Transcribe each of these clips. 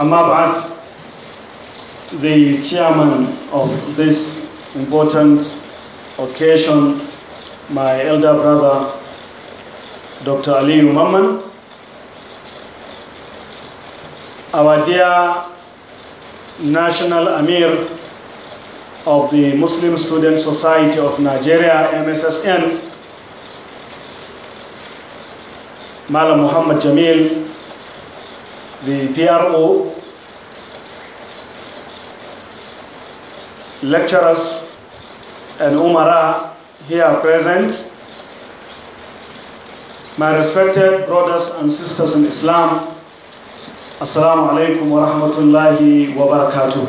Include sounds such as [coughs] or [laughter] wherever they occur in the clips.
Amma Ba'ad, the chairman of this important occasion, my elder brother, Dr. Ali Umaman, our dear national Amir of the Muslim Student Society of Nigeria, MSSN, Mala Muhammad Jamil, the PRO, lecturers and Umara here present, my respected brothers and sisters in Islam, Assalamu alaikum wa rahmatullahi wa barakatuh.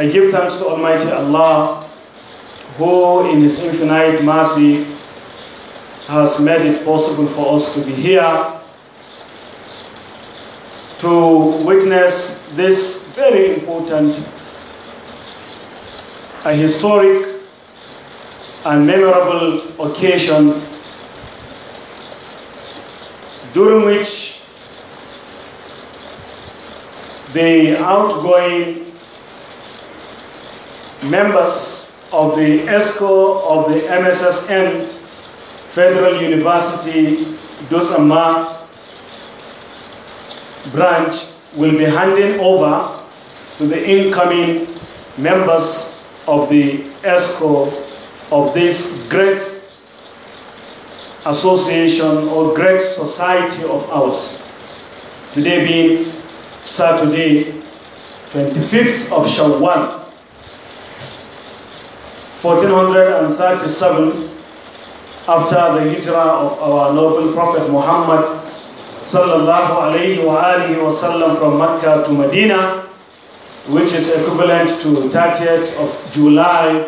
I give thanks to Almighty Allah who in His infinite mercy has made it possible for us to be here to witness this very important, a historic and memorable occasion during which the outgoing members of the ESCO of the MSSN Federal University Dosama branch will be handing over to the incoming members of the ESCO of this great association or great society of ours. Today being Saturday, 25th of Shawwal, 1437 after the hijrah of our noble Prophet Muhammad sallallahu alayhi wa sallam wasallam from Mecca to Medina, which is equivalent to 30th of July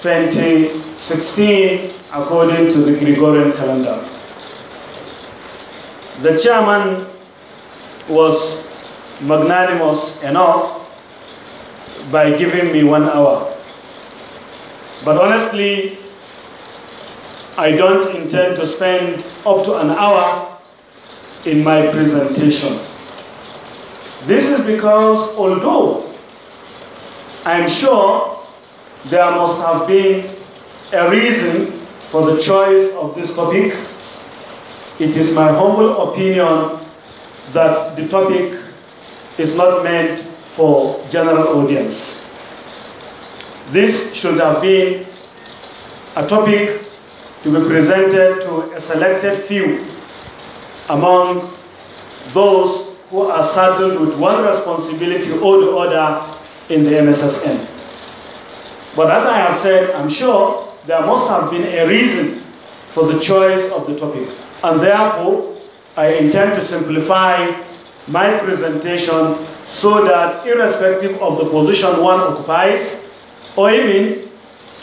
2016 according to the Gregorian calendar. The chairman was magnanimous enough by giving me one hour. But honestly, I don't intend to spend up to an hour in my presentation. This is because although I'm sure there must have been a reason for the choice of this topic, it is my humble opinion that the topic is not meant for general audience. This should have been a topic to be presented to a selected few among those who are saddled with one responsibility or the other in the MSSN. But as I have said, I'm sure there must have been a reason for the choice of the topic. And therefore, I intend to simplify my presentation so that irrespective of the position one occupies, or even a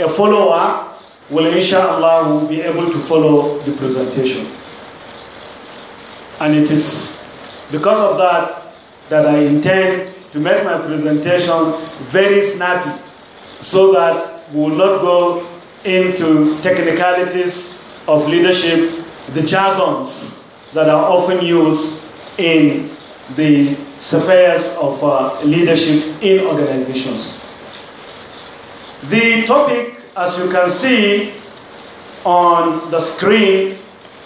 follower will inshallah be able to follow the presentation. And it is because of that that I intend to make my presentation very snappy so that we will not go into technicalities of leadership, the jargons that are often used in the spheres of uh, leadership in organizations. The topic as you can see on the screen,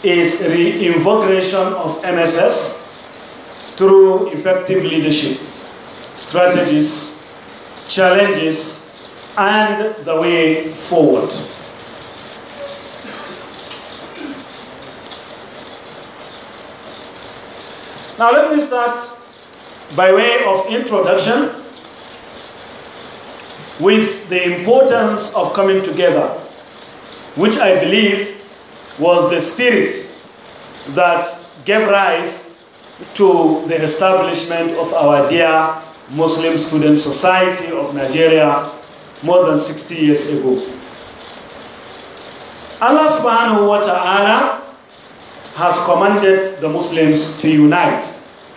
is reinvocation of MSS through effective leadership, strategies, challenges, and the way forward. Now let me start by way of introduction with the importance of coming together, which I believe was the spirit that gave rise to the establishment of our dear Muslim Student Society of Nigeria more than 60 years ago. Allah subhanahu wa ta'ala has commanded the Muslims to unite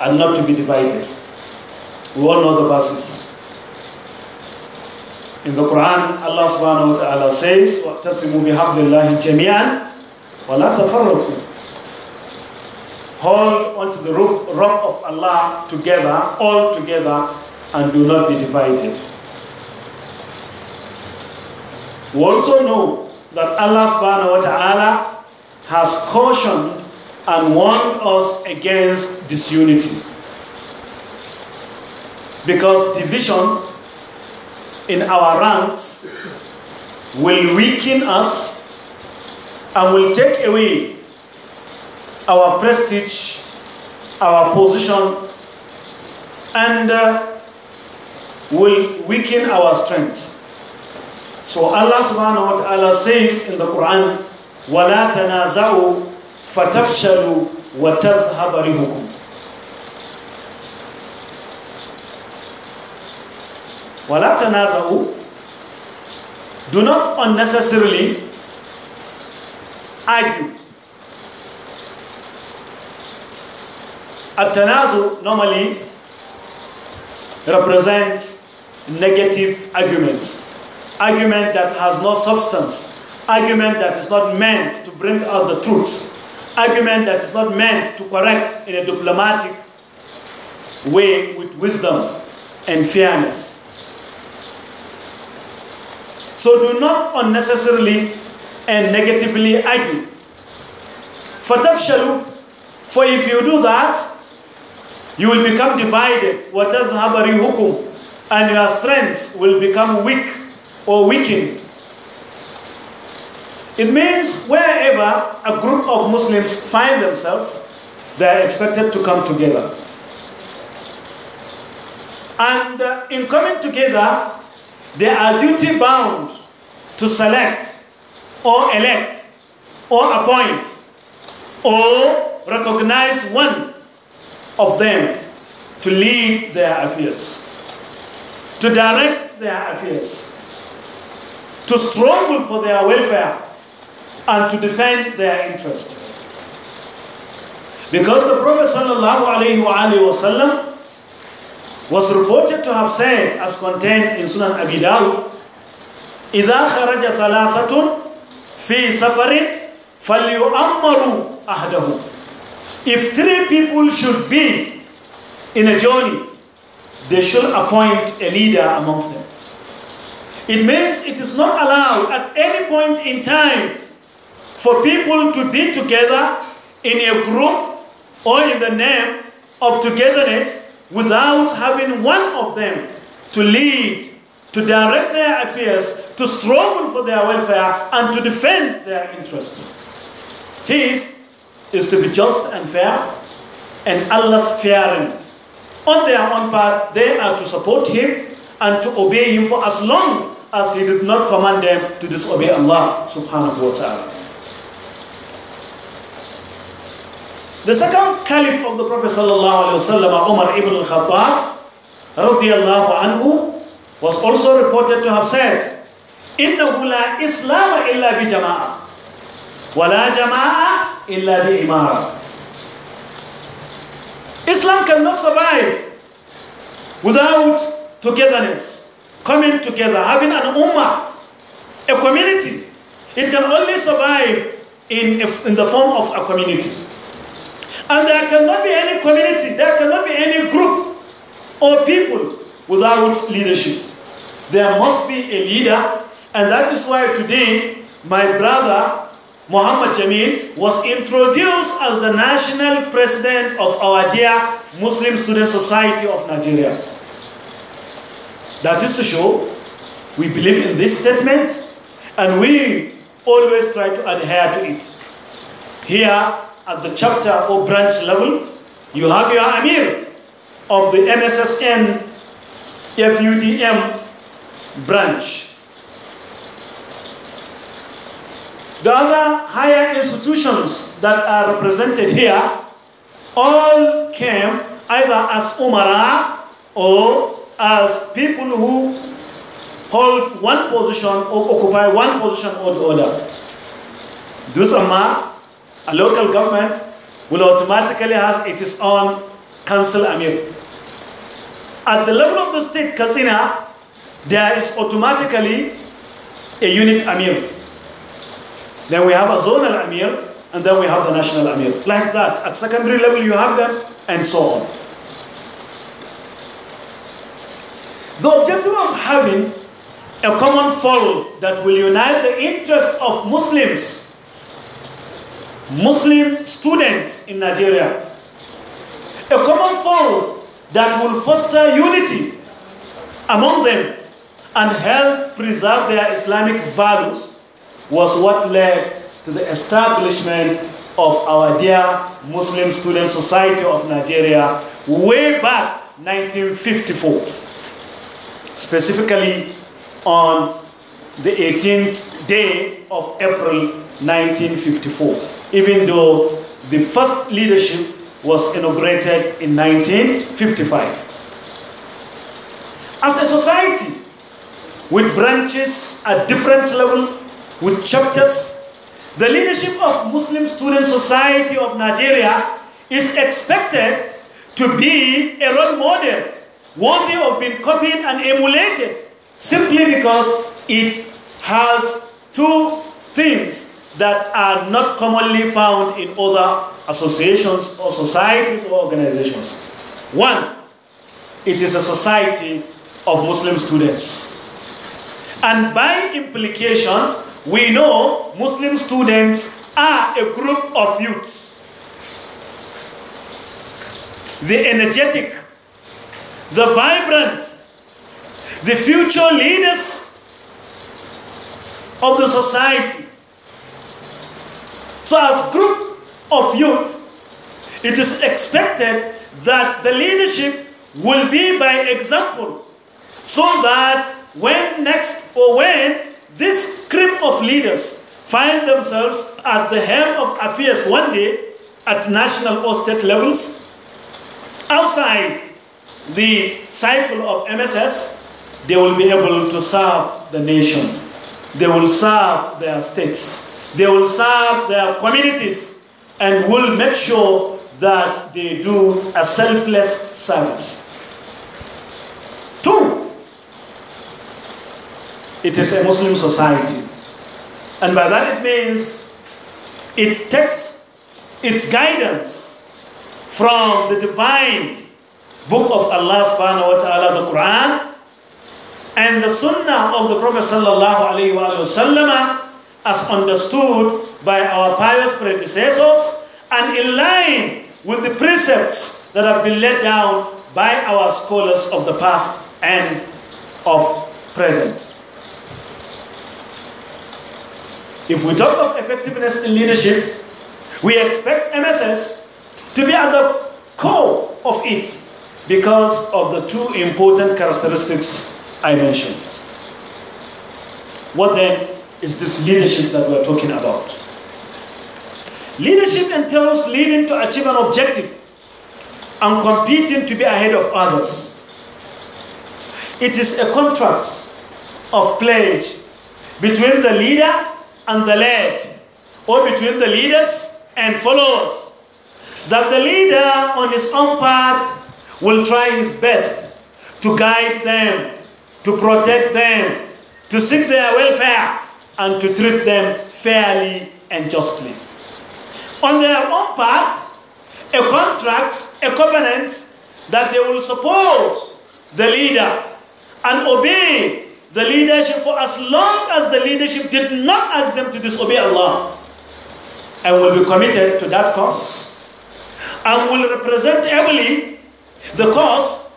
and not to be divided. We all know the verses. In the Quran, Allah subhanahu wa ta'ala says, وَاَتَّسِمُوا بِحَبْلِ اللَّهِ جَمِيعًا وَلَا تَفَرَّقُوا Hold onto the rock of Allah together, all together, and do not be divided. We also know that Allah subhanahu wa ta'ala has cautioned and warned us against disunity. Because division in our ranks will weaken us and will take away our prestige, our position, and uh, will weaken our strength. So Allah subhanahu wa ta'ala says in the Quran, وَلَا تَنَازَعُوا فَتَفْشَلُوا وَتَذْهَبَ رِهُكُمْ وَلَا تَنَازَعُوا Do not unnecessarily argue. at normally represents negative arguments. Argument that has no substance. Argument that is not meant to bring out the truth. Argument that is not meant to correct in a diplomatic way with wisdom and fairness. So do not unnecessarily and negatively argue. فَتَفْشَلُوا For if you do that, you will become divided. وَتَذْهَبَ رِيهُكُمْ And your strength will become weak or weakened. It means wherever a group of Muslims find themselves, they are expected to come together. And uh, in coming together, they are duty bound to select or elect or appoint or recognize one of them to lead their affairs, to direct their affairs, to struggle for their welfare, and to defend their interest. Because the Prophet sallallahu alaihi wasallam was reported to have said, as contained in Sunan Abi Dawud, إِذَا خَرَجَ ثَلَاثَةٌ فِي سَفَرٍ فَلْيُؤَمَّرُوا أَهْدَهُمْ If three people should be in a journey, they should appoint a leader amongst them. It means it is not allowed at any point in time for people to be together in a group or in the name of togetherness without having one of them to lead, to direct their affairs, to struggle for their welfare, and to defend their interest. His is to be just and fair, and Allah's fearing. On their own part, they are to support Him and to obey Him for as long as He did not command them to disobey Allah subhanahu wa ta'ala. The second caliph of the Prophet وسلم, Umar ibn khattab anhu, was also reported to have said, إِنَّهُ لَا إِسْلَامَ إِلَّا بِجَمَاعَةٍ وَلَا جَمَاعَةٍ إِلَّا بِإِمَارَةٍ Islam cannot survive without togetherness, coming together, having an ummah, a community. It can only survive in, a, in the form of a community. And there cannot be any community, there cannot be any group or people without leadership. There must be a leader, and that is why today my brother Muhammad Jamil was introduced as the national president of our dear Muslim Student Society of Nigeria. That is to show we believe in this statement and we always try to adhere to it. Here, at the chapter or branch level, you have your Amir of the MSSN FUDM branch. The other higher institutions that are represented here all came either as umara or as people who hold one position or occupy one position or the other. Those are a local government will automatically have its own council amir. At the level of the state, Kasina, there is automatically a unit amir. Then we have a zonal amir, and then we have the national amir. Like that. At secondary level, you have them, and so on. The objective of having a common forum that will unite the interests of Muslims Muslim students in Nigeria. A common fold that will foster unity among them and help preserve their Islamic values was what led to the establishment of our dear Muslim Student Society of Nigeria way back 1954, specifically on the 18th day of April 1954 even though the first leadership was inaugurated in 1955. As a society with branches at different levels with chapters, the leadership of Muslim Student Society of Nigeria is expected to be a role model worthy of being copied and emulated simply because it has two things that are not commonly found in other associations or societies or organizations. One, it is a society of Muslim students. And by implication, we know Muslim students are a group of youths. The energetic, the vibrant, the future leaders of the society so, as group of youth, it is expected that the leadership will be by example, so that when next or when this group of leaders find themselves at the helm of affairs one day at national or state levels, outside the cycle of MSS, they will be able to serve the nation. They will serve their states. They will serve their communities and will make sure that they do a selfless service. Two, it is a Muslim society. And by that it means it takes its guidance from the divine book of Allah subhanahu wa ta'ala, the Quran, and the sunnah of the Prophet sallallahu alayhi wa as understood by our pious predecessors and in line with the precepts that have been laid down by our scholars of the past and of present. If we talk of effectiveness in leadership, we expect MSS to be at the core of it because of the two important characteristics I mentioned. What then is this leadership that we're talking about. Leadership entails leading to achieve an objective and competing to be ahead of others. It is a contract of pledge between the leader and the led, or between the leaders and followers. That the leader, on his own part, will try his best to guide them, to protect them, to seek their welfare, and to treat them fairly and justly. On their own part, a contract, a covenant that they will support the leader and obey the leadership for as long as the leadership did not ask them to disobey Allah and will be committed to that cause and will represent heavily the cause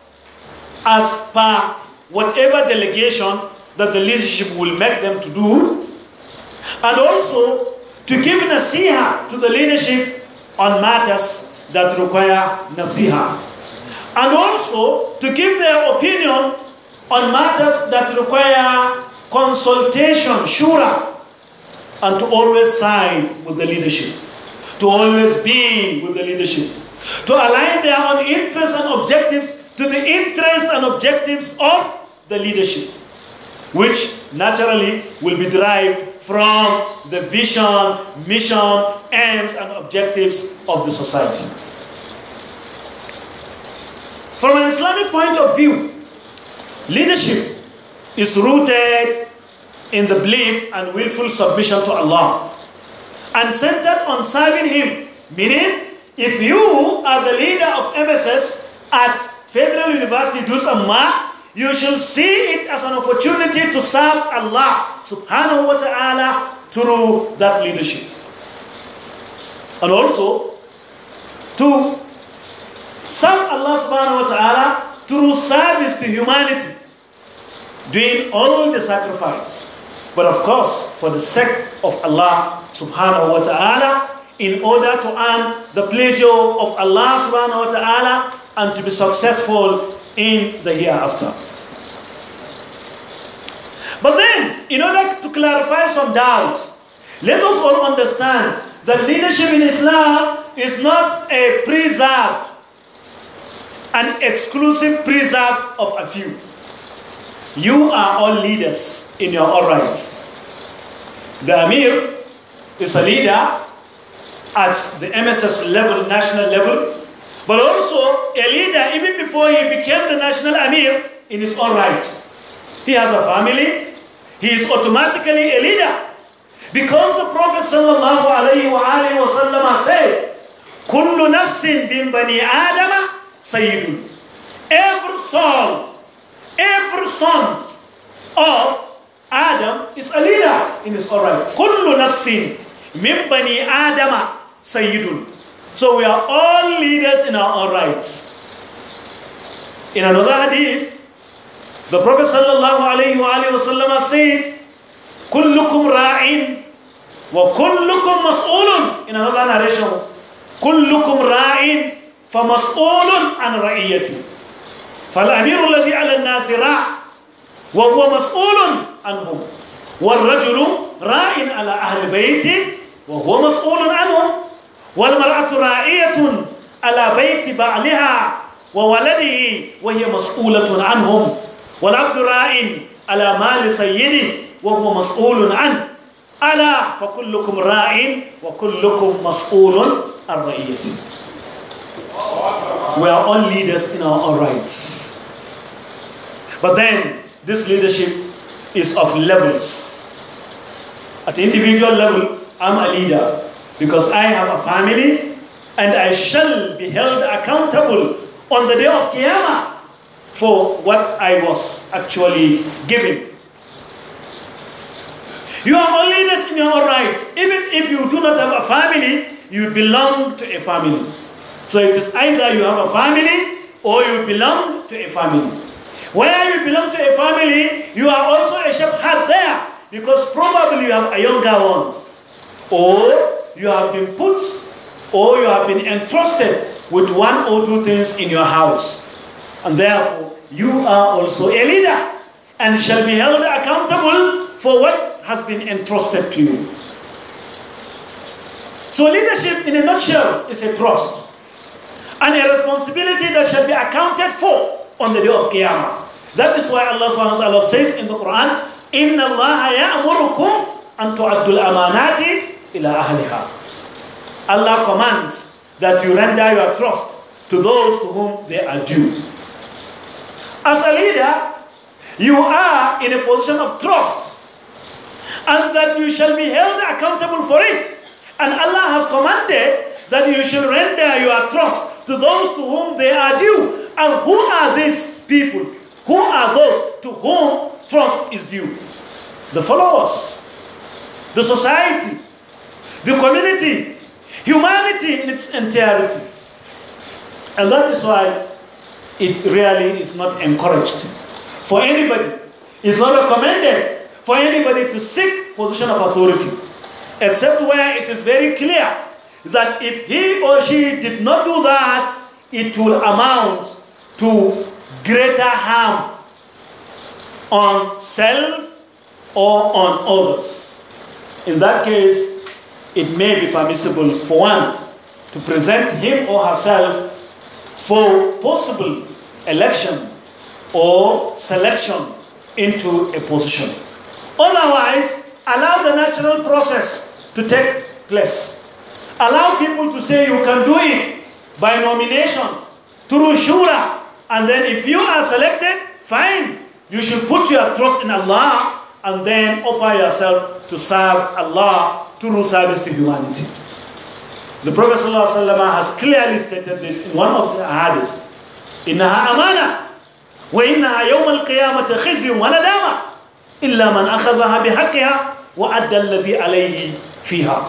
as per whatever delegation that the leadership will make them to do and also to give nasiha to the leadership on matters that require nasiha. And also to give their opinion on matters that require consultation, shura, and to always side with the leadership, to always be with the leadership, to align their own interests and objectives to the interests and objectives of the leadership, which naturally will be derived from the vision, mission, aims, and objectives of the society. From an Islamic point of view, leadership is rooted in the belief and willful submission to Allah and centered on serving Him. Meaning, if you are the leader of MSS at Federal University Dulce Amma, you shall see it as an opportunity to serve Allah subhanahu wa ta'ala through that leadership. And also, to serve Allah subhanahu wa ta'ala through service to humanity, doing all the sacrifice. But of course, for the sake of Allah subhanahu wa ta'ala, in order to earn the pleasure of Allah subhanahu wa ta'ala and to be successful in the hereafter. But then, in order to clarify some doubts, let us all understand that leadership in Islam is not a preserved, an exclusive preserve of a few. You are all leaders in your own rights. The Amir is a leader at the MSS level, national level, but also a leader, even before he became the national Amir, in his own right. He has a family, he is automatically a leader. Because the Prophet sallallahu alaihi wasallam said, "Kullu nafsin bin bani آدم sayyidun." Every soul, every son of Adam is a leader in his own right. Kullu nafsin من bani آدم sayyidun. So we are all leaders in our own rights. In another hadith, the Prophet sallallahu alayhi wa said, كلكم راع وكلكم مسؤول in another narration كلكم راع فمسؤول عن رعيته فالأمير الذي على الناس راع وهو مسؤول عنهم والرجل راع على أهل بيته وهو مسؤول عنهم والمرأة راعية على بيت بعلها وولده وهي مسؤولة عنهم والعبد راع على مال سيده وهو مسؤول عنه ألا فكلكم راع وكلكم مسؤول عن رعيته We are all leaders in our own rights. But then, this leadership is of levels. At individual level, I'm a leader. Because I have a family and I shall be held accountable on the day of Qiyamah for what I was actually giving. You are only this in your own right. Even if you do not have a family, you belong to a family. So it is either you have a family or you belong to a family. Where you belong to a family, you are also a shepherd there because probably you have a younger ones. or you have been put or you have been entrusted with one or two things in your house. And therefore, you are also a leader and shall be held accountable for what has been entrusted to you. So, leadership, in a nutshell, is a trust and a responsibility that shall be accounted for on the day of Qiyamah. That is why Allah subhanahu wa ta'ala says in the Quran, إِنَّ اللَّهَ يَأْمُرُكُمْ أَن تُعَدُّ الْأَمَانَاتِ ila ahliha. Allah commands that you render your trust to those to whom they are due. As a leader, you are in a position of trust and that you shall be held accountable for it. And Allah has commanded that you shall render your trust to those to whom they are due. And who are these people? Who are those to whom trust is due? The followers, the society, the community, humanity in its entirety. And that is why it really is not encouraged for anybody. It's not recommended for anybody to seek position of authority, except where it is very clear that if he or she did not do that, it will amount to greater harm on self or on others. In that case, it may be permissible for one to present him or herself for possible election or selection into a position. Otherwise, allow the natural process to take place. Allow people to say you can do it by nomination through shura, and then if you are selected, fine. You should put your trust in Allah and then offer yourself to serve Allah true service to humanity. The Prophet ﷺ has clearly stated this in one of the hadith. إنها أمانة وإنها يوم القيامة خزي وندامة إلا من أخذها بحقها وأدى الذي عليه فيها.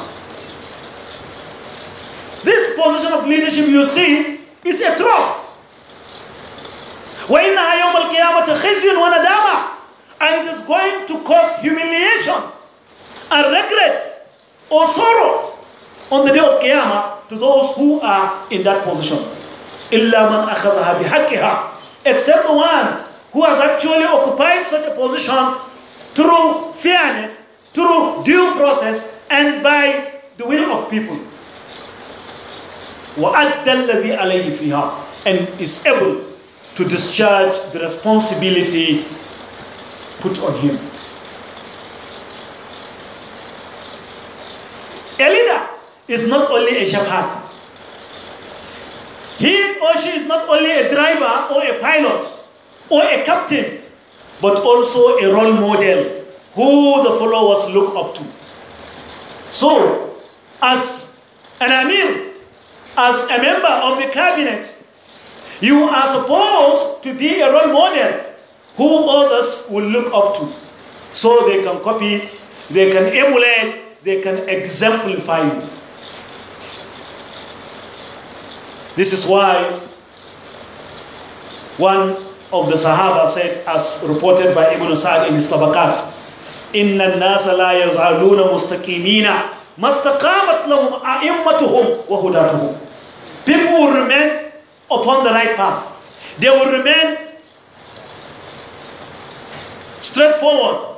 This position of leadership you see is a trust. وإنها يوم القيامة خزي وندامة and it is going to cause humiliation and regret or sorrow on the day of Qiyamah to those who are in that position. Except the one who has actually occupied such a position through fairness, through due process, and by the will of people. And is able to discharge the responsibility put on him. A leader is not only a shepherd. He or she is not only a driver or a pilot or a captain, but also a role model who the followers look up to. So, as an Amir, as a member of the cabinet, you are supposed to be a role model who others will look up to so they can copy, they can emulate they can exemplify you. This is why one of the Sahaba said, as reported by Ibn Sa'd in his Tabakat, إن الناس لا يزعلون مستقيمين ما استقامت لهم أئمتهم وهداتهم People will remain upon the right path. They will remain straightforward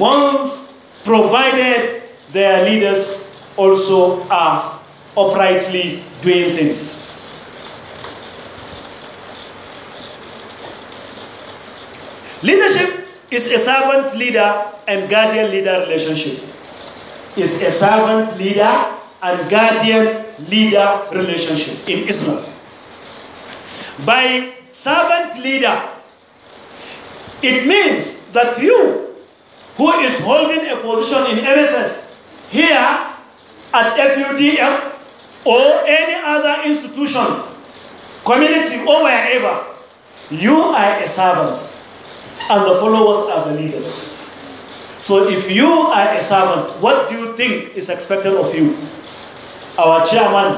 once provided their leaders also are uprightly doing things. Leadership is a servant leader and guardian leader relationship. Is a servant leader and guardian leader relationship in Islam. By servant leader, it means that you who is holding a position in MSS here at FUDM or any other institution, community, or wherever, you are a servant and the followers are the leaders. So if you are a servant, what do you think is expected of you? Our chairman,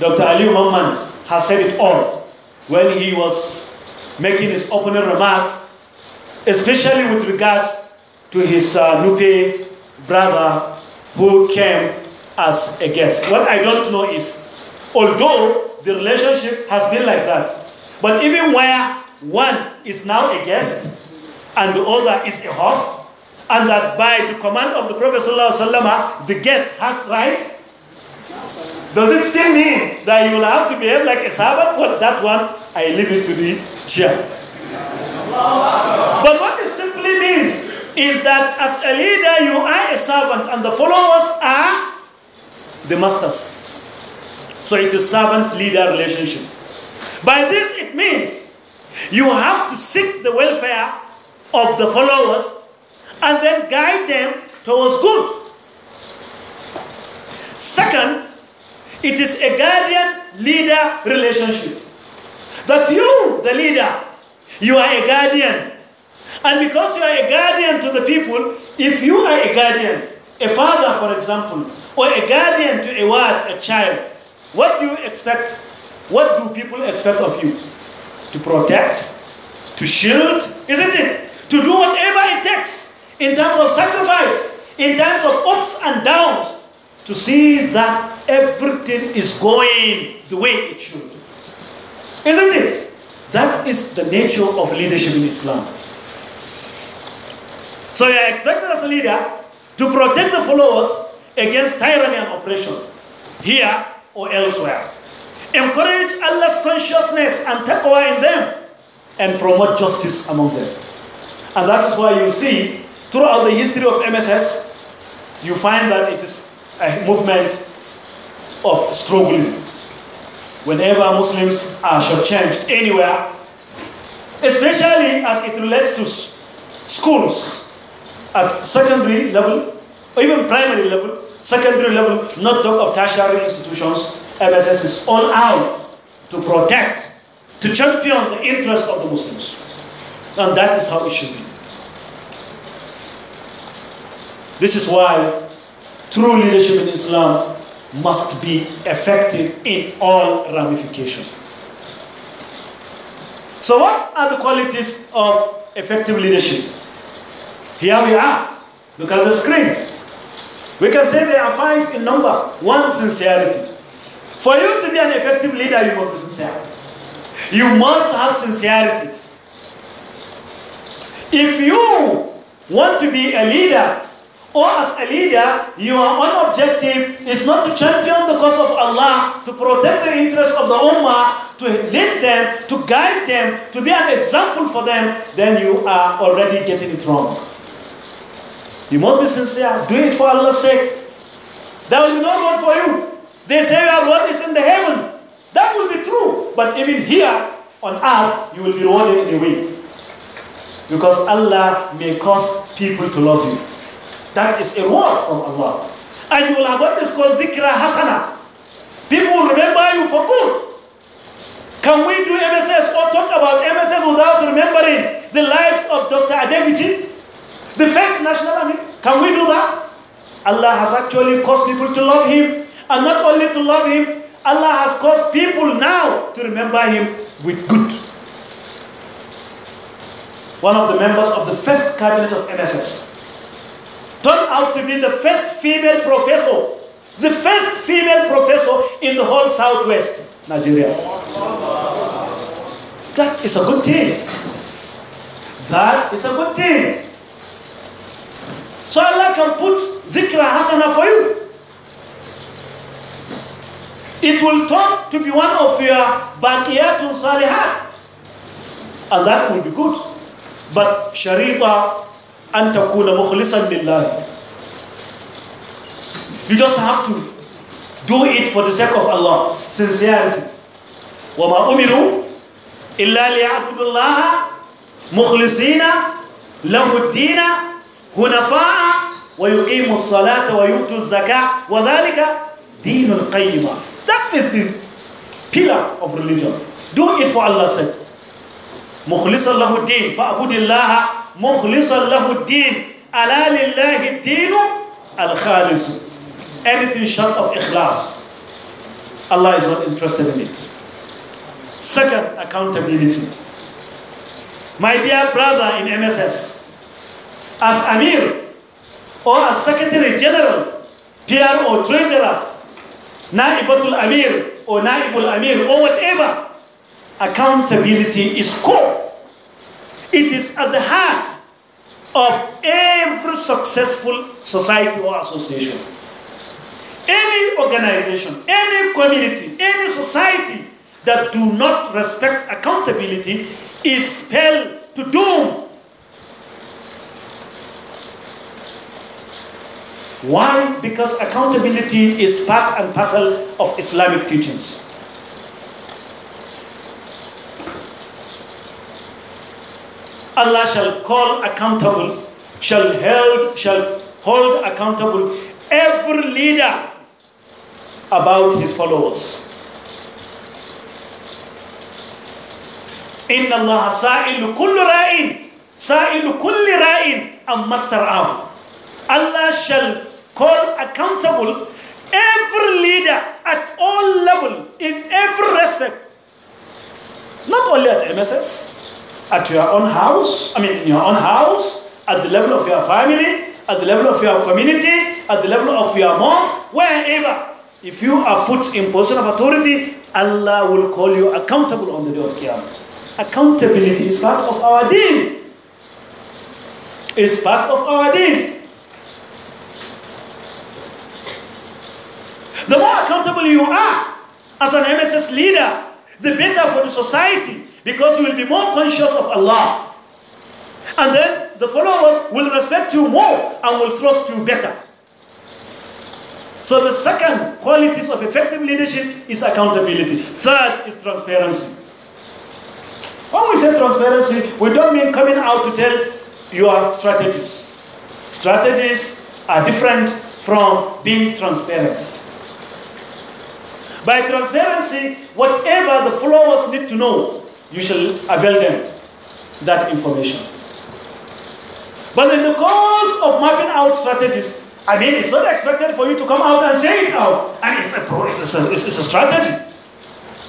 Dr. Ali Mamman, has said it all when he was making his opening remarks, especially with regards to his uh, Nupe brother who came as a guest. What I don't know is, although the relationship has been like that, but even where one is now a guest and the other is a host, and that by the command of the Prophet ﷺ, the guest has rights, does it still mean that you will have to behave like a servant? Well, that one, I leave it to the chair. But what is that as a leader, you are a servant, and the followers are the masters. So it is servant leader relationship. By this, it means you have to seek the welfare of the followers and then guide them towards good. Second, it is a guardian leader relationship. That you, the leader, you are a guardian and because you are a guardian to the people, if you are a guardian, a father, for example, or a guardian to a wife, a child, what do you expect? What do people expect of you? To protect, to shield, isn't it? To do whatever it takes in terms of sacrifice, in terms of ups and downs, to see that everything is going the way it should. Isn't it? That is the nature of leadership in Islam. So you are expected as a leader to protect the followers against tyranny and oppression, here or elsewhere. Encourage Allah's consciousness and taqwa in them and promote justice among them. And that is why you see throughout the history of MSS, you find that it is a movement of struggling. Whenever Muslims are shortchanged anywhere, especially as it relates to schools, at secondary level, or even primary level, secondary level, not talk of tertiary institutions, MSS is all out to protect, to champion the interests of the Muslims. And that is how it should be. This is why true leadership in Islam must be effective in all ramifications. So, what are the qualities of effective leadership? Here we are. Look at the screen. We can say there are five in number. One, sincerity. For you to be an effective leader, you must be sincere. You must have sincerity. If you want to be a leader, or as a leader, your one objective is not to champion the cause of Allah, to protect the interests of the Ummah, to lead them, to guide them, to be an example for them, then you are already getting it wrong. You must be sincere. Do it for Allah's sake. There will be no one for you. They say your reward is in the heaven. That will be true. But even here on earth, you will be rewarded anyway. Because Allah may cause people to love you. That is a reward from Allah. And you will have what is called dhikra hasana. People will remember you for good. Can we do MSS or talk about MSS without remembering the lives of Dr. Adebiti? The first national army. can we do that? Allah has actually caused people to love Him. And not only to love Him, Allah has caused people now to remember Him with good. One of the members of the first cabinet of MSS turned out to be the first female professor, the first female professor in the whole southwest Nigeria. That is a good thing. That is a good thing. So Allah can put dhikra hasana for you. It will turn to be one of your baqiyatun salihat. And that will be good. But sharita an takuna mukhlisan lillahi. You just have to do it for the sake of Allah. Sincerity. وَمَا أُمِرُوا إِلَّا لِيَعْبُدُوا اللَّهَ مُخْلِصِينَ لَهُ الدِّينَ هُنَفَاءَ ويقيم الصلاة ويؤتي الزكاة وذلك دين القيمة That is the pillar of religion. Do it for Allah's sake. مخلصا له الدين فاعبد الله مخلصا له الدين ألا لله الدين الخالص. Anything short of ikhlas. Allah is not interested in it. Second, accountability. My dear brother in MSS, as Amir, or a Secretary General, PR or Treasurer, Naibatul Amir or Naibul Amir or whatever, accountability is core. It is at the heart of every successful society or association. Any organization, any community, any society that do not respect accountability is spelled to doom Why? Because accountability is part and parcel of Islamic teachings. Allah shall call accountable, shall held, shall hold accountable every leader about his followers. إن الله سائل كل راء سائل كل راء أم مسترعاه Allah shall Call accountable every leader at all level in every respect. Not only at MSS, at your own house, I mean in your own house, at the level of your family, at the level of your community, at the level of your mosque, wherever. If you are put in position of authority, Allah will call you accountable on the day of Qiyamah. Accountability is part of our deen. Is part of our deen. The more accountable you are as an MSS leader, the better for the society because you will be more conscious of Allah. And then the followers will respect you more and will trust you better. So the second qualities of effective leadership is accountability. Third is transparency. When we say transparency, we don't mean coming out to tell your strategies. Strategies are different from being transparent. By transparency, whatever the followers need to know, you shall avail them that information. But in the course of mapping out strategies, I mean, it's not expected for you to come out and say it out. And it's a, it's a, it's a strategy.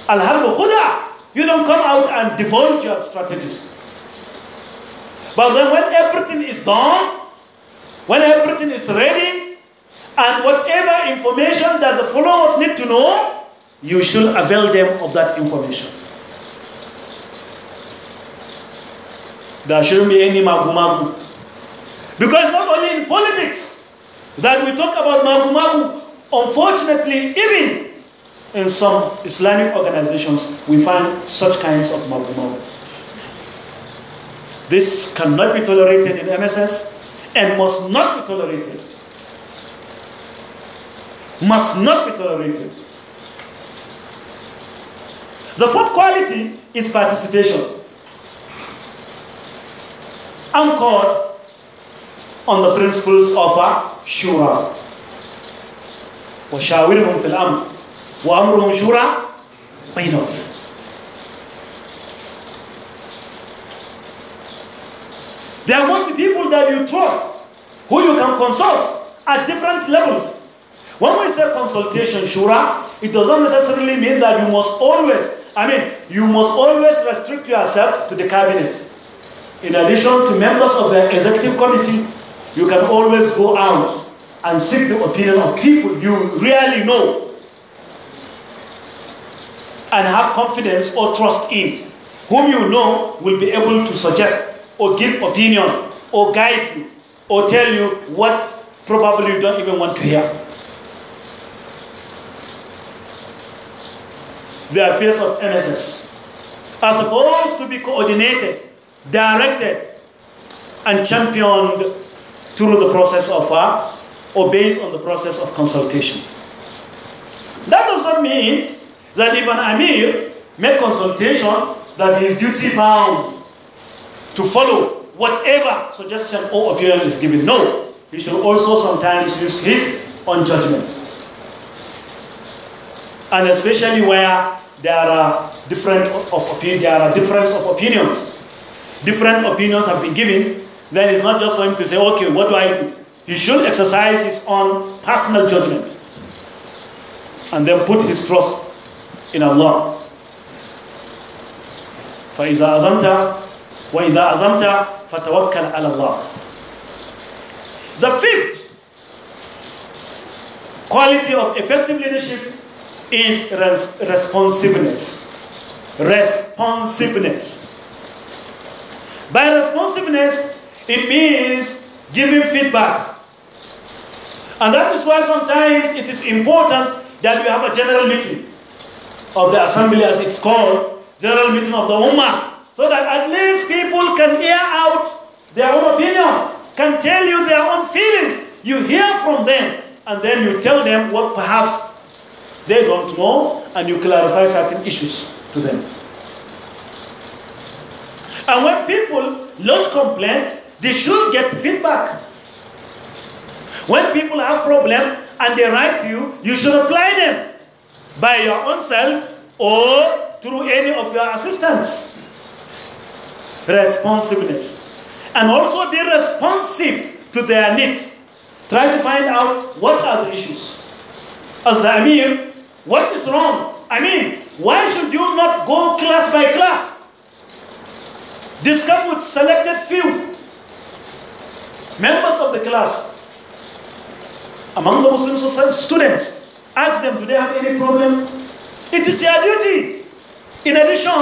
Alhamdulillah, You don't come out and divulge your strategies. But then, when everything is done, when everything is ready, and whatever information that the followers need to know, you should avail them of that information. There shouldn't be any magu-magu. Because not only in politics that we talk about magu-magu, unfortunately, even in some Islamic organizations, we find such kinds of magu-magu. This cannot be tolerated in MSS and must not be tolerated. Must not be tolerated. The fourth quality is participation. Anchored on the principles of a shura. وشاورهم في الأمر وأمرهم شورى بينهم There must be people that you trust, who you can consult at different levels. When we say consultation, shura, it does not necessarily mean that you must always I mean, you must always restrict yourself to the cabinet. In addition to members of the executive committee, you can always go out and seek the opinion of people you really know and have confidence or trust in, whom you know will be able to suggest or give opinion or guide you or tell you what probably you don't even want to hear. the affairs of MSS are supposed to be coordinated, directed, and championed through the process of uh, or based on the process of consultation. That does not mean that if an Amir makes consultation, that he is duty bound to follow whatever suggestion or opinion is given. No, he should also sometimes use his own judgment. And especially where there are different of there are difference of opinions. Different opinions have been given. Then it's not just for him to say, okay, what do I do? He should exercise his own personal judgment and then put his trust in Allah. فإذا أزمت وإذا أزمت فتوكل على الله. The fifth quality of effective leadership is res- responsiveness. Responsiveness. By responsiveness, it means giving feedback. And that is why sometimes it is important that we have a general meeting of the assembly, as it's called, general meeting of the Ummah, so that at least people can air out their own opinion, can tell you their own feelings. You hear from them, and then you tell them what perhaps they don't know, and you clarify certain issues to them. And when people lodge complaint, they should get feedback. When people have problem and they write to you, you should reply them by your own self or through any of your assistants. Responsiveness. And also be responsive to their needs. Try to find out what are the issues. As the Amir, what is wrong? I mean, why should you not go class by class? Discuss with selected few members of the class, among the Muslim society, students. Ask them, do they have any problem? It is your duty. In addition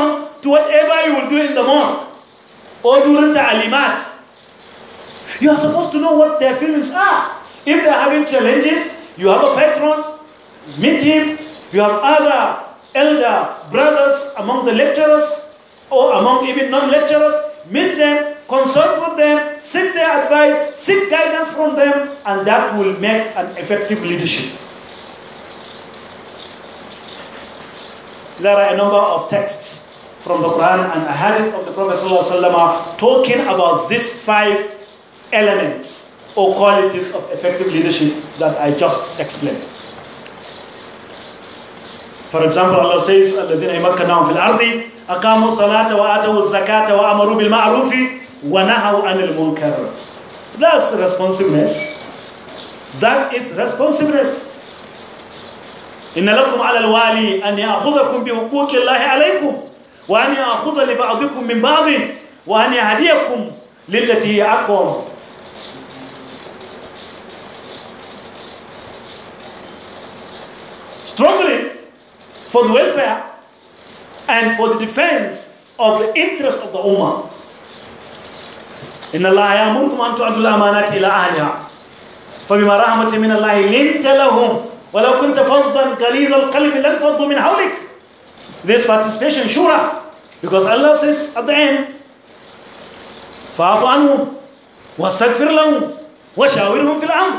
to whatever you will do in the mosque or during the alimat, you are supposed to know what their feelings are. If they are having challenges, you have a patron, meet him, you have other elder brothers among the lecturers or among even non lecturers. Meet them, consult with them, seek their advice, seek guidance from them, and that will make an effective leadership. There are a number of texts from the Quran and a hadith of the Prophet ﷺ talking about these five elements or qualities of effective leadership that I just explained. For example, Allah says, الَّذِينَ يَمَكَّنَاهُمْ فِي الْأَرْضِ أَقَامُوا الصَّلَاةَ وآتوا الزَّكَاةَ وَأَمَرُوا بِالْمَعْرُوفِ وَنَهَوْا عَنِ الْمُنْكَرِ That's responsiveness. That is responsiveness. إن لكم على الوالي أن يأخذكم بحقوق الله عليكم وأن يأخذ لبعضكم من بعض وأن يهديكم للتي هي أقوم strongly for the welfare and for the defense of the interests of the Ummah. إن الله يأمركم أن تؤدوا الأمانات إلى أهلها فبما رحمة من الله لنت لهم ولو كنت فظا غليظ القلب لانفضوا من حولك This participation shura because Allah says at the end فاعف عنهم واستغفر لهم وشاورهم في الأمر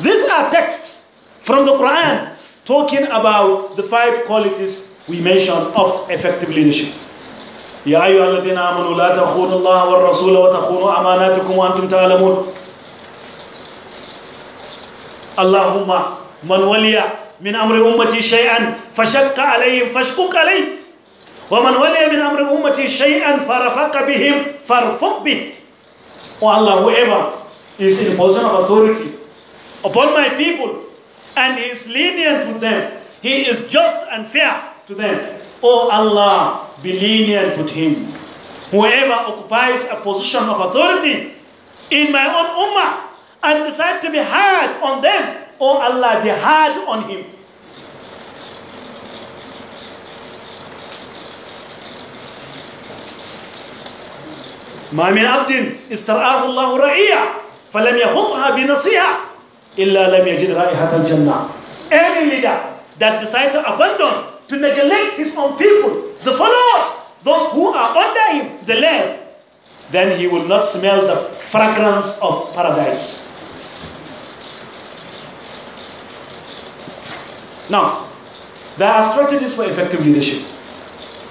These are texts from the Quran talking about the five qualities we mentioned of effective leadership. يا أيها الذين آمنوا لا تخونوا الله والرسول وتخونوا أماناتكم وأنتم تعلمون اللهم من ولي من أمر أمتي شيئا فشق عليهم فاشكك عليه ومن ولي من أمر أمتي شيئا فرفق بهم فارفق به Oh Allah, whoever is in position of authority upon my people and He is lenient with them. He is just and fair to them. Oh Allah, be lenient with him. Whoever occupies a position of authority in my own ummah and decide to be hard on them, oh Allah, be hard on him. ما من عبد استرآه الله رعيا فلم يخطها بنصيحه illa lam yajid ra'ihatal jannah. Any leader that decides to abandon, to neglect his own people, the followers, those who are under him, the land, then he will not smell the fragrance of paradise. Now, there are strategies for effective leadership.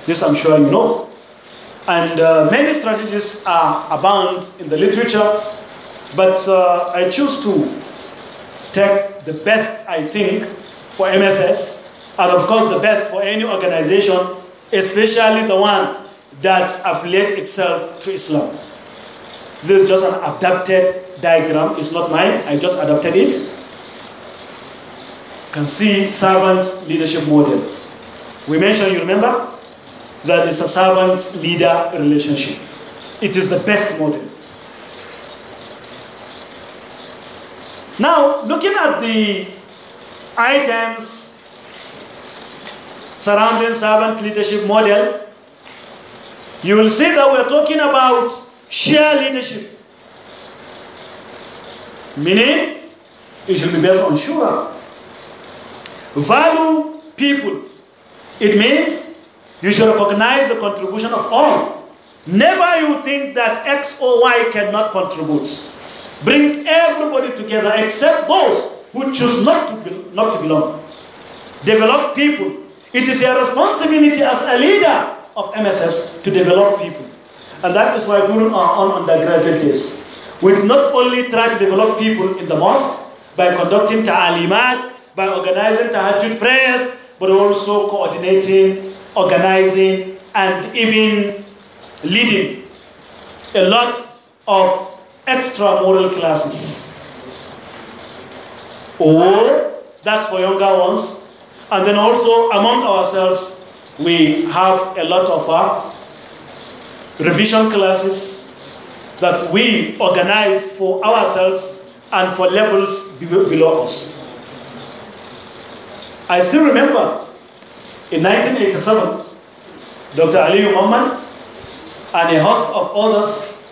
This I'm sure you know. And uh, many strategies are abound in the literature, but uh, I choose to take the best, I think, for MSS, and of course the best for any organization, especially the one that affiliates itself to Islam. This is just an adapted diagram. It's not mine. I just adapted it. You can see servant leadership model. We mentioned, you remember, that it's a servant leader relationship. It is the best model. Now, looking at the items surrounding servant leadership model, you will see that we're talking about share leadership. Meaning, it should be based on sure Value people. It means you should recognize the contribution of all. Never you think that X or Y cannot contribute. Bring everybody together except those who choose not to, be, not to belong. Develop people. It is your responsibility as a leader of MSS to develop people. And that is why during our own undergraduate days, we not only try to develop people in the mosque by conducting ta'alimat, by organizing tahajjud prayers, but also coordinating, organizing, and even leading a lot of extramural classes. Or that's for younger ones. And then also among ourselves, we have a lot of uh, revision classes that we organize for ourselves and for levels below us. I still remember in 1987, Dr. Ali Muhammad and a host of others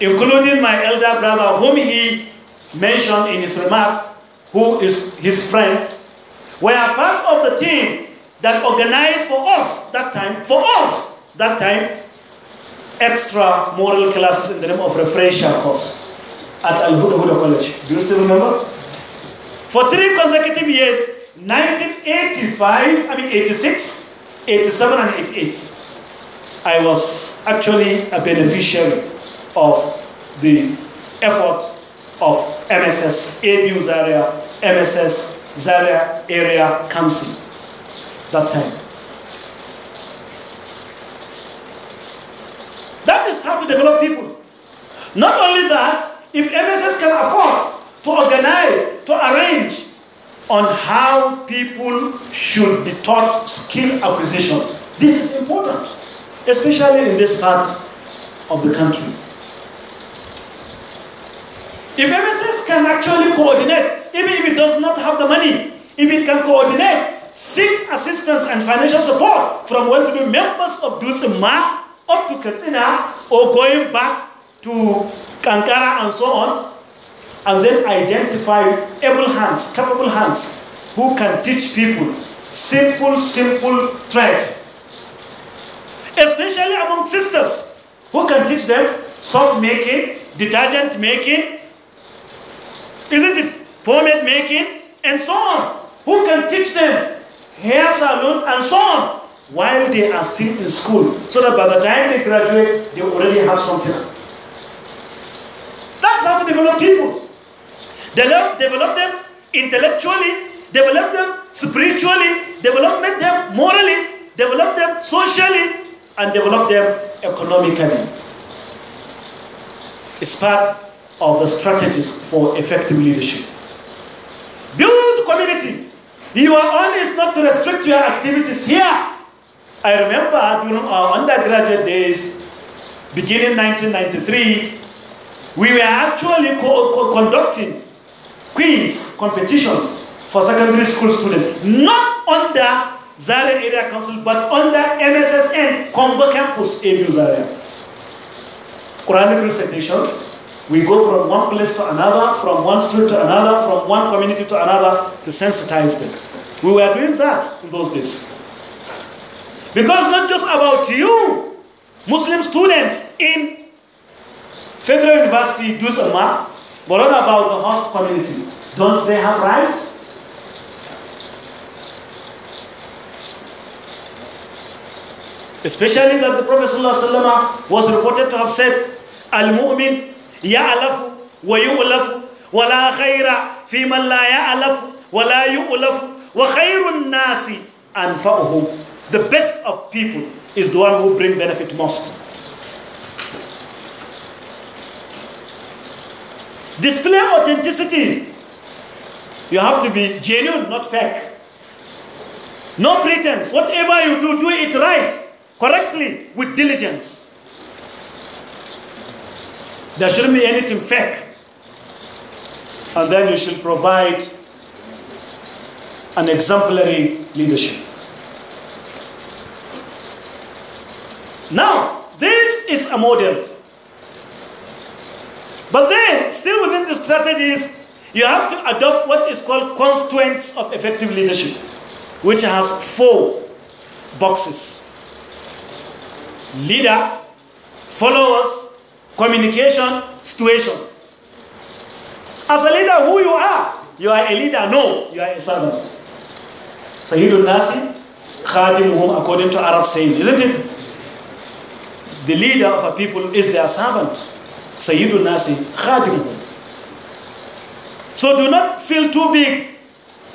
including my elder brother, whom he mentioned in his remark, who is his friend, were part of the team that organized for us that time, for us that time, extra moral classes in the name of refresher course at Al Huda College. Do you still remember? For three consecutive years, 1985, I mean 86, 87, and 88, I was actually a beneficiary of the effort of MSS ABU area, MSS Zaria Area Council that time. That is how to develop people. Not only that, if MSS can afford to organize, to arrange on how people should be taught skill acquisition, this is important, especially in this part of the country. If MSS can actually coordinate, even if it does not have the money, if it can coordinate, seek assistance and financial support from well to do members of Dusima up to Katsina or going back to Kankara and so on, and then identify able hands, capable hands who can teach people simple, simple trade. Especially among sisters who can teach them soap making, detergent making, isn't it pomade making? And so on. Who can teach them? Hair salon and so on. While they are still in school. So that by the time they graduate, they already have something. That's how to develop people. Develop, develop them intellectually, develop them spiritually, develop them morally, develop them socially, and develop them economically. It's part of the strategies for effective leadership. Build community. Your own is not to restrict your activities here. I remember during our undergraduate days, beginning 1993, we were actually co co conducting quiz competitions for secondary school students, not under Zaria Area Council, but under MSSN, Congo Campus, ABU Zaria. Quranic recitation, we go from one place to another, from one street to another, from one community to another to sensitize them. We were doing that in those days. Because not just about you, Muslim students in Federal University Dusama, but what about the host community? Don't they have rights? Especially that the Prophet ﷺ was reported to have said, Al-Mu'min يألف ويؤلف ولا خير في من لا يألف ولا يؤلف وخير الناس أنفعهم The best of people is the one who bring benefit most. Display authenticity. You have to be genuine, not fake. No pretense. Whatever you do, do it right, correctly, with diligence. There shouldn't be anything fake. And then you should provide an exemplary leadership. Now, this is a model. But then, still within the strategies, you have to adopt what is called constraints of effective leadership, which has four boxes leader, followers, communication, situation. As a leader, who you are? You are a leader. No, you are a servant. Sayyidun Nasi, khadimuhum according to Arab saying, isn't it? The leader of a people is their servant. Sayyidun Nasi, khadimuhum. So do not feel too big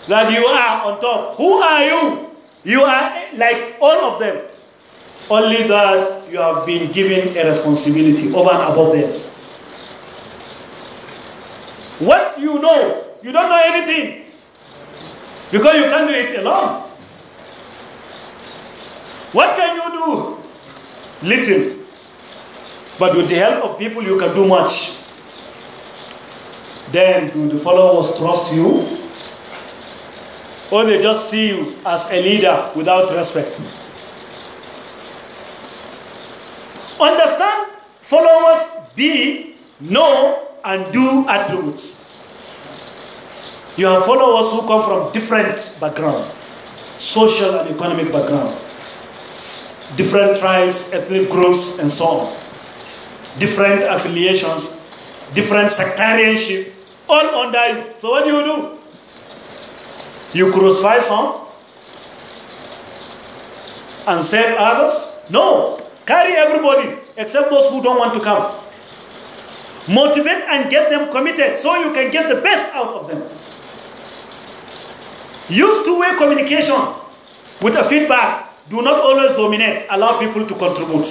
that you are on top. Who are you? You are like all of them. Only that you have been given a responsibility over and above theirs. What you know, you don't know anything because you can't do it alone. What can you do? Little. But with the help of people, you can do much. Then, do the followers trust you? Or they just see you as a leader without respect? Understand, followers, be, know, and do attributes. You have followers who come from different background, social and economic background, different tribes, ethnic groups, and so on, different affiliations, different sectarianship, all under you. So what do you do? You crucify some and save others? No. Carry everybody except those who don't want to come. Motivate and get them committed so you can get the best out of them. Use two way communication with a feedback. Do not always dominate, allow people to contribute.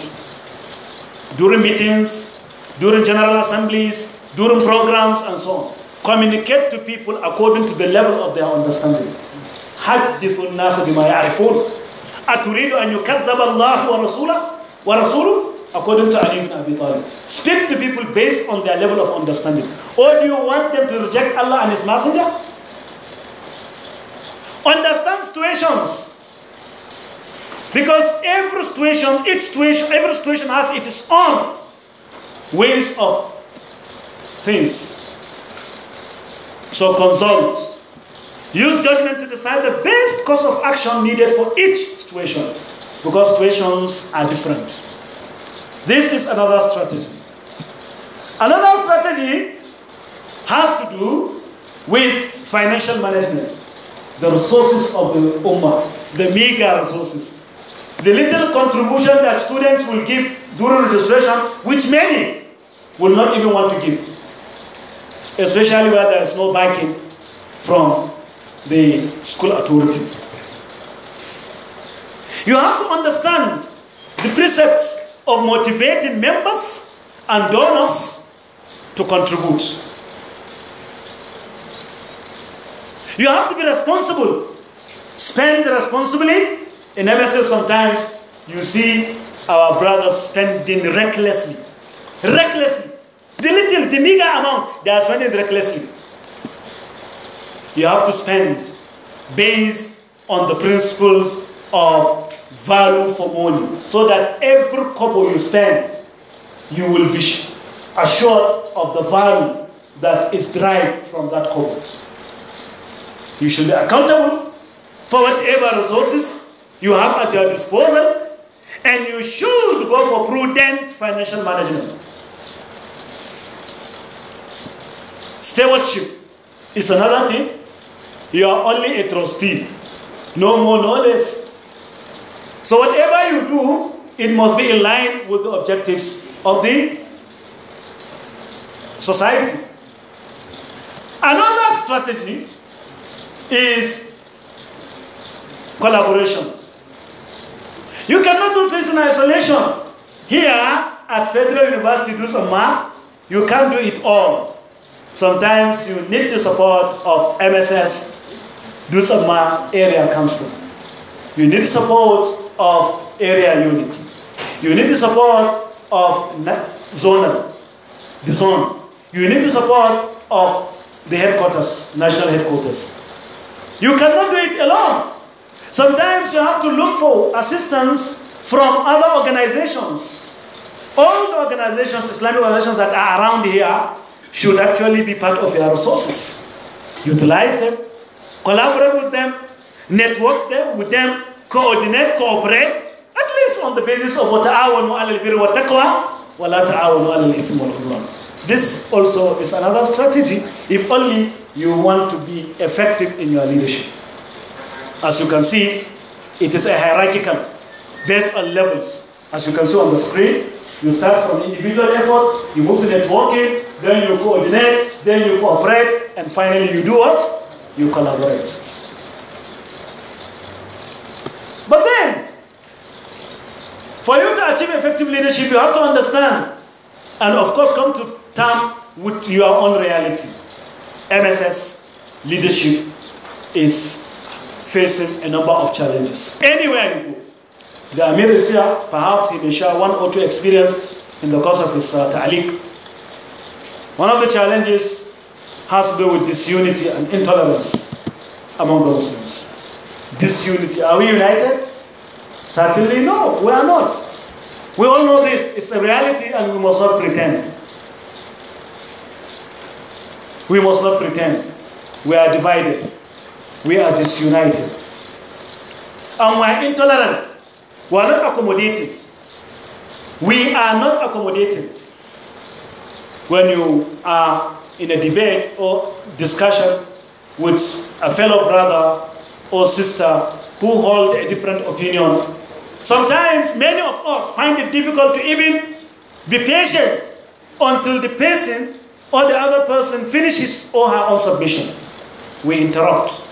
During meetings, during general assemblies, during programs, and so on. Communicate to people according to the level of their understanding. حدث الناس بما يعرفون أتريد أن يكذب الله ورسوله Wa Rasul, according to Ali ibn Abi Talib. Speak to people based on their level of understanding. Or do you want them to reject Allah and His Messenger? Understand situations. Because every situation, each situation, every situation has its own ways of things. So consult. Use judgment to decide the best course of action needed for each situation because situations are different. This is another strategy. Another strategy has to do with financial management, the resources of the Ummah, the meager resources, the little contribution that students will give during registration, which many will not even want to give, especially where there is no backing from the school authority. You have to understand the precepts of motivating members and donors to contribute. You have to be responsible. Spend responsibly. In MSL, sometimes you see our brothers spending recklessly. Recklessly. The little, the meager amount, they are spending recklessly. You have to spend based on the principles of value for money so that every couple you spend, you will be assured of the value that is derived from that couple. You should be accountable for whatever resources you have at your disposal and you should go for prudent financial management. Stewardship is another thing. You are only a trustee, no more, no less. So whatever you do, it must be in line with the objectives of the society. Another strategy is collaboration. You cannot do things in isolation. Here at Federal University Dusama, you can't do it all. Sometimes you need the support of MSS Dusama Area Council. You need support of area units. You need the support of zonal, the zone. You need the support of the headquarters, national headquarters. You cannot do it alone. Sometimes you have to look for assistance from other organizations. All the organizations, Islamic organizations that are around here, should actually be part of your resources. Utilize them, collaborate with them, network them with them, coordinate, cooperate, at least on the basis of what I will birri taqwa, This also is another strategy if only you want to be effective in your leadership. As you can see, it is a hierarchical, based on levels. As you can see on the screen, you start from individual effort, you move to networking, then you coordinate, then you cooperate, and finally you do what? You collaborate. But then, for you to achieve effective leadership, you have to understand and, of course, come to terms with your own reality. MSS leadership is facing a number of challenges. Anywhere you go, the Amir is here, perhaps he may share one or two experiences in the course of his uh, ta'liq. One of the challenges has to do with disunity and intolerance among the Muslims. Disunity. Are we united? Certainly no, we are not. We all know this. It's a reality and we must not pretend. We must not pretend. We are divided. We are disunited. And we are intolerant. We are not accommodating. We are not accommodating. When you are in a debate or discussion with a fellow brother or sister who hold a different opinion. Sometimes many of us find it difficult to even be patient until the person or the other person finishes or her own submission. We interrupt,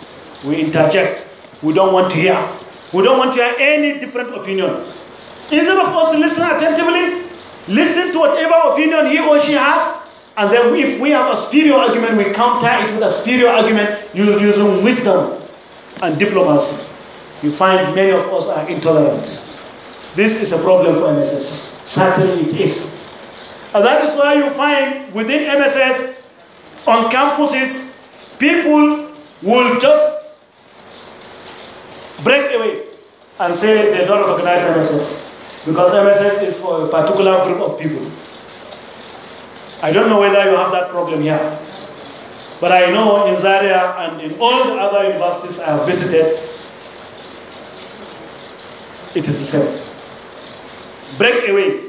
we interject, we don't want to hear, we don't want to hear any different opinion. Instead of us listening attentively, listen to whatever opinion he or she has, and then if we have a spiritual argument, we counter it with a spiritual argument using wisdom and diplomacy, you find many of us are intolerant. This is a problem for MSS. Certainly it is. And that is why you find within MSS, on campuses, people will just break away and say they don't recognize MSS because MSS is for a particular group of people. I don't know whether you have that problem here. But I know in Zaria and in all the other universities I have visited, it is the same. Break away.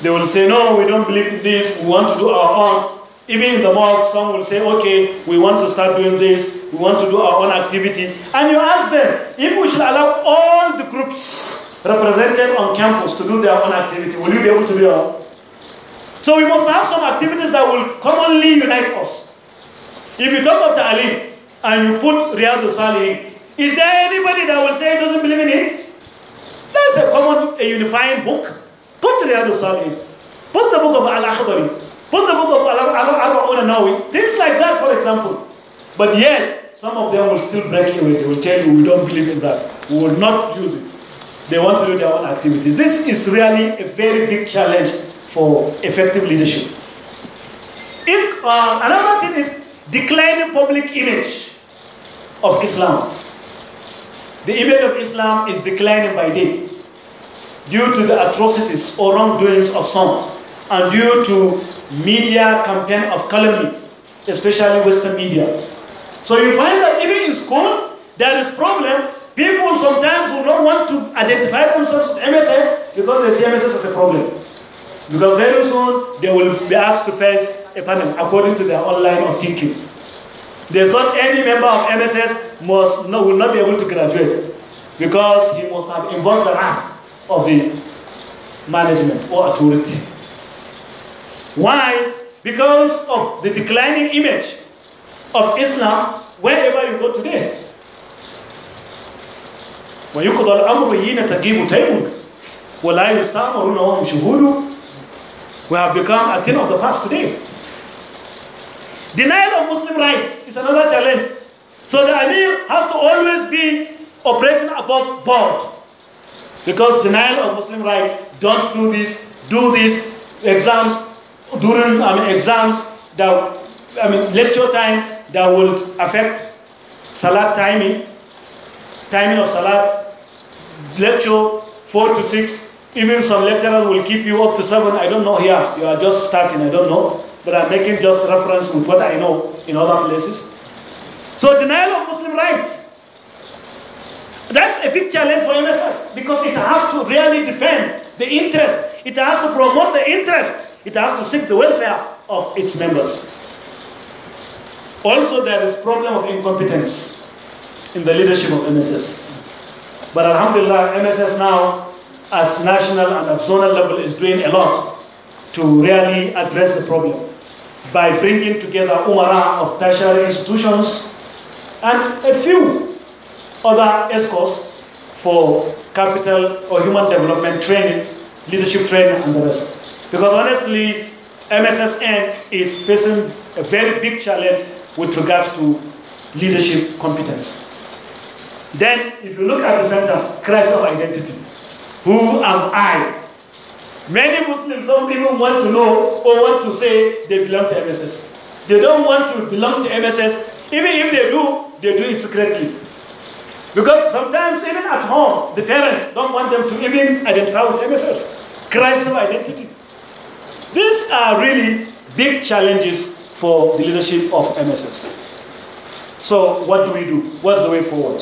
They will say, No, we don't believe this, we want to do our own. Even in the mosque, some will say, Okay, we want to start doing this, we want to do our own activity. And you ask them if we should allow all the groups represented on campus to do their own activity, will you be able to do your own? So we must have some activities that will commonly unite us. If you talk of Ali and you put Riyadu Salih, is there anybody that will say he doesn't believe in it? That's a common, a unifying book. Put Riyadu Salih, Put the book of Al-Akhdari. Put the book of Al-Arba'un Nawi. Things like that, for example. But yet, some of them will still break away. They will tell you, we don't believe in that. We will not use it. They want to do their own activities. This is really a very big challenge for effective leadership. If, uh, another thing is declining public image of Islam. The image of Islam is declining by day due to the atrocities or wrongdoings of some and due to media campaign of calumny, especially Western media. So you find that even in school, there is problem. People sometimes will not want to identify themselves with MSS because they see MSS as a problem. Because very soon they will be asked to face a panel according to their own line of thinking. They thought any member of MSS must no, will not be able to graduate because he must have involved the rank of the management or authority. Why? Because of the declining image of Islam wherever you go today. We have become a thing of the past today. Denial of Muslim rights is another challenge. So the Amir has to always be operating above board. Because denial of Muslim rights, don't do this, do this, exams, during I mean, exams, that, I mean, lecture time that will affect salat timing, timing of salat, lecture 4 to 6, even some lecturers will keep you up to seven. I don't know here. You are just starting. I don't know. But I'm making just reference with what I know in other places. So denial of Muslim rights. That's a big challenge for MSS because it has to really defend the interest. It has to promote the interest. It has to seek the welfare of its members. Also, there is problem of incompetence in the leadership of MSS. But Alhamdulillah, MSS now at national and at zonal level is doing a lot to really address the problem by bringing together umara of tertiary institutions and a few other escorts for capital or human development training, leadership training, and the rest. Because honestly, MSSN is facing a very big challenge with regards to leadership competence. Then, if you look at the center, crisis of identity. Who am I? Many Muslims don't even want to know or want to say they belong to MSS. They don't want to belong to MSS. Even if they do, they do it secretly. Because sometimes, even at home, the parents don't want them to even identify with MSS. Crisis of identity. These are really big challenges for the leadership of MSS. So, what do we do? What's the way forward?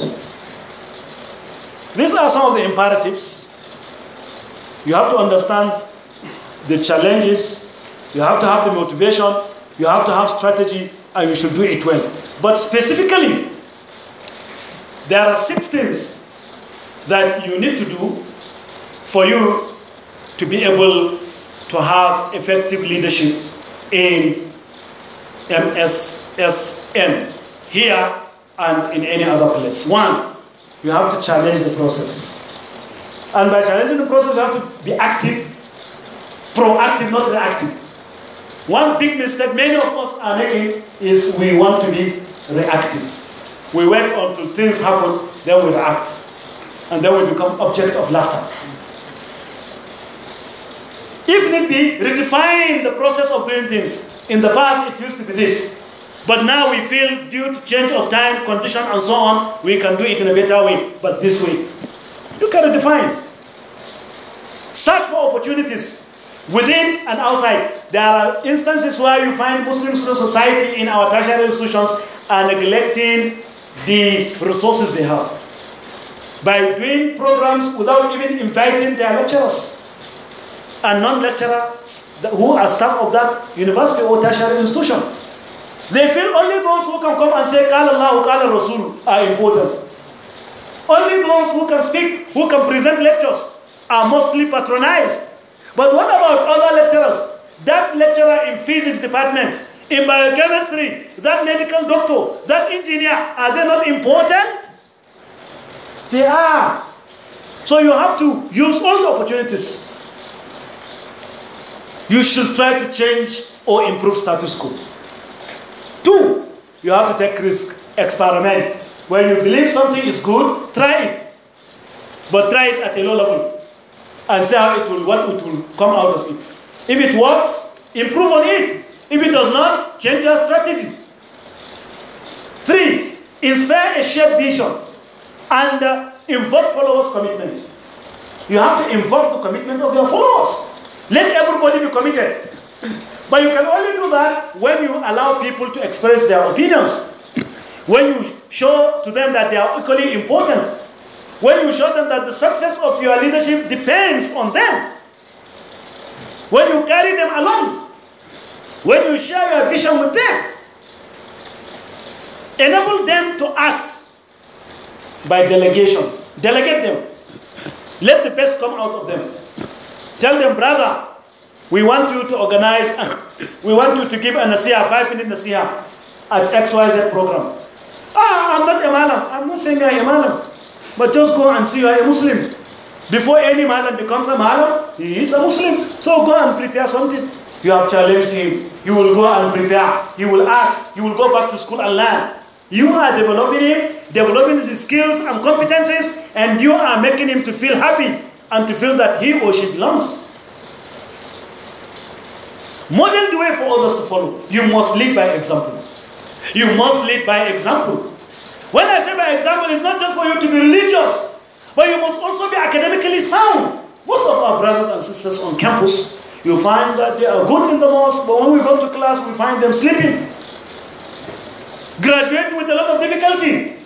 These are some of the imperatives you have to understand the challenges, you have to have the motivation, you have to have strategy, and you should do it well. But specifically, there are six things that you need to do for you to be able to have effective leadership in MSSN here and in any other place. One, you have to challenge the process. And by challenging the process, you have to be active, proactive, not reactive. One big mistake many of us are making is we want to be reactive. We wait until things happen, then we react. And then we become object of laughter. If need be, redefine the process of doing things. In the past, it used to be this. But now we feel due to change of time, condition, and so on, we can do it in a better way, but this way. You can redefine. Search for opportunities within and outside. There are instances where you find Muslim student society in our tertiary institutions are neglecting the resources they have by doing programs without even inviting their lecturers and non-lecturers who are staff of that university or tertiary institution. They feel only those who can come and say, Qala Allah, Qala Rasul are important. Only those who can speak, who can present lectures, are mostly patronized. But what about other lecturers? That lecturer in physics department, in biochemistry, that medical doctor, that engineer, are they not important? They are. So you have to use all the opportunities. You should try to change or improve status quo. Two, you have to take risk, experiment. When you believe something is good, try it. But try it at a low level and see how it will what it will come out of it. If it works, improve on it. If it does not, change your strategy. Three, inspire a shared vision and uh, invoke followers' commitment. You have to invoke the commitment of your followers. Let everybody be committed. [coughs] But you can only do that when you allow people to express their opinions, when you show to them that they are equally important, when you show them that the success of your leadership depends on them. When you carry them along. When you share your vision with them. Enable them to act by delegation. Delegate them. Let the best come out of them. Tell them, brother, we want you to organize, [laughs] we want you to give an nasiha, five minute nasiha at XYZ program. Ah, I'm not a malam. I'm not saying I'm a malam. But just go and see you are a Muslim. Before any Malam becomes a Malam, he is a Muslim. So go and prepare something. You have challenged him. You will go and prepare. He will act. He will go back to school and learn. You are developing him, developing his skills and competences, and you are making him to feel happy and to feel that he or she belongs. Model the way for others to follow. You must lead by example. You must lead by example. When I say by example, it's not just for you to be religious, but you must also be academically sound. Most of our brothers and sisters on campus, you find that they are good in the mosque, but when we go to class, we find them sleeping. Graduate with a lot of difficulty.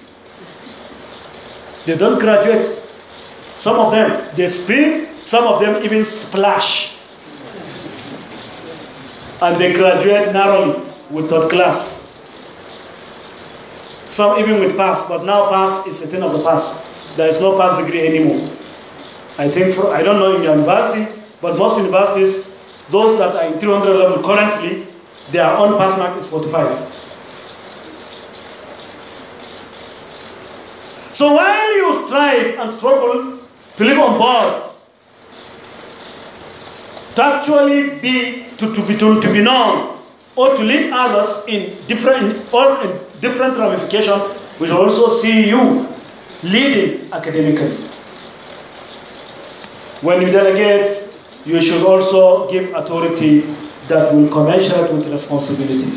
They don't graduate. Some of them, they spin, some of them even splash. And they graduate narrowly with third class. Some even with pass, but now pass is a thing of the past. There is no pass degree anymore. I think, for, I don't know in your university, but most universities, those that are in 300 level currently, their own pass mark is 45. So while you strive and struggle to live on board, to actually be to, to be to, to be known or to lead others in different or in different ramifications. we shall also see you leading academically. When you delegate, you should also give authority that will commensurate with responsibility.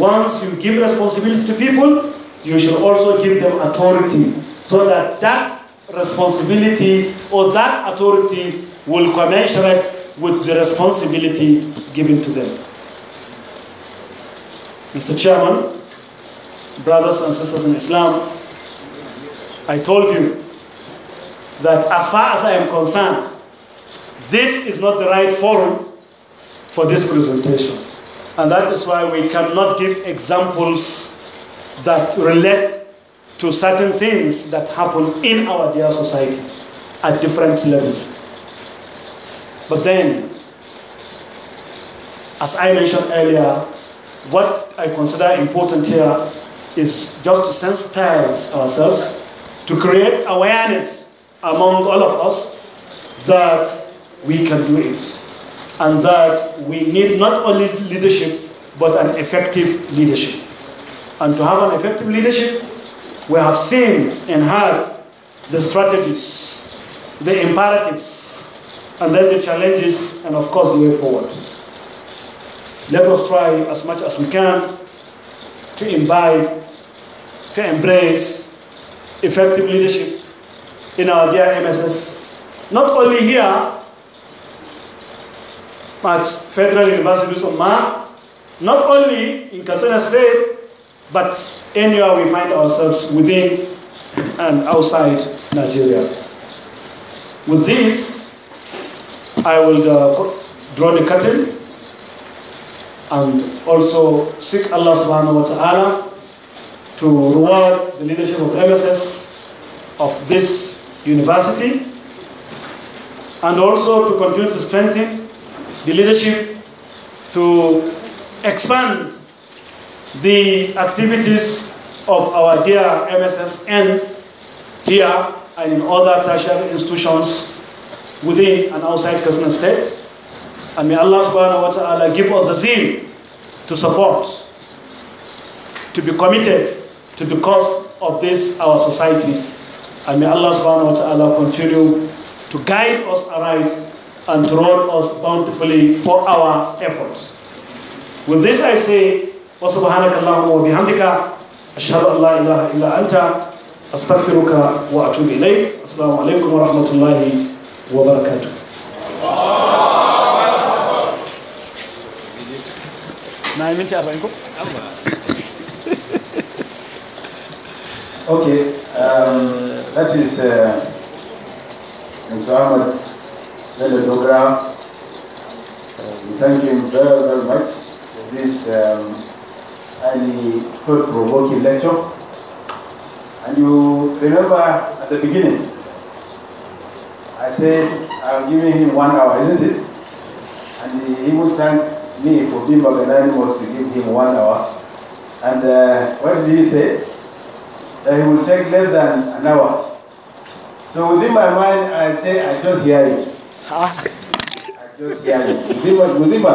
Once you give responsibility to people, you should also give them authority so that that responsibility or that authority will commensurate with the responsibility given to them. Mr. Chairman, brothers and sisters in Islam, I told you that as far as I am concerned, this is not the right forum for this presentation. And that is why we cannot give examples that relate to certain things that happen in our dear society at different levels. But then, as I mentioned earlier, what I consider important here is just to sensitize ourselves to create awareness among all of us that we can do it and that we need not only leadership but an effective leadership. And to have an effective leadership, we have seen and heard the strategies, the imperatives, and then the challenges, and of course, the way forward. Let us try as much as we can to imbibe to embrace effective leadership in our dear MSS. Not only here, but Federal University of Ma, not only in Katsina State, but anywhere we find ourselves within and outside Nigeria. With this, I will uh, draw the curtain and also seek Allah subhanahu wa ta'ala to reward the leadership of MSS of this university and also to continue to strengthen the leadership to expand the activities of our dear MSSN here and in other tertiary institutions within and outside Kasuna State. And may Allah subhanahu wa ta'ala give us the zeal to support, to be committed to because of this our society. And may Allah subhanahu wa ta'ala continue to guide us aright and to reward us bountifully for our efforts. With this I say, وسبحانك اللهم وبحمدك أشهد أن لا إله إلا أنت أستغفرك وأتوب إليك السلام عليكم ورحمة الله وبركاته نايمين تعرفينكم؟ Okay, um, that is uh, Mr. Ahmed led uh, we thank him very, very much for this um, highly thought-provoking lecture. And you remember at the beginning, I said I'm giving him one hour, isn't it? And he, would thank me for being organized to give him one hour. And uh, what did he say? that he will take less than an hour. So within my mind, I say, I just hear it. Ah. I just hear it. Within my, within my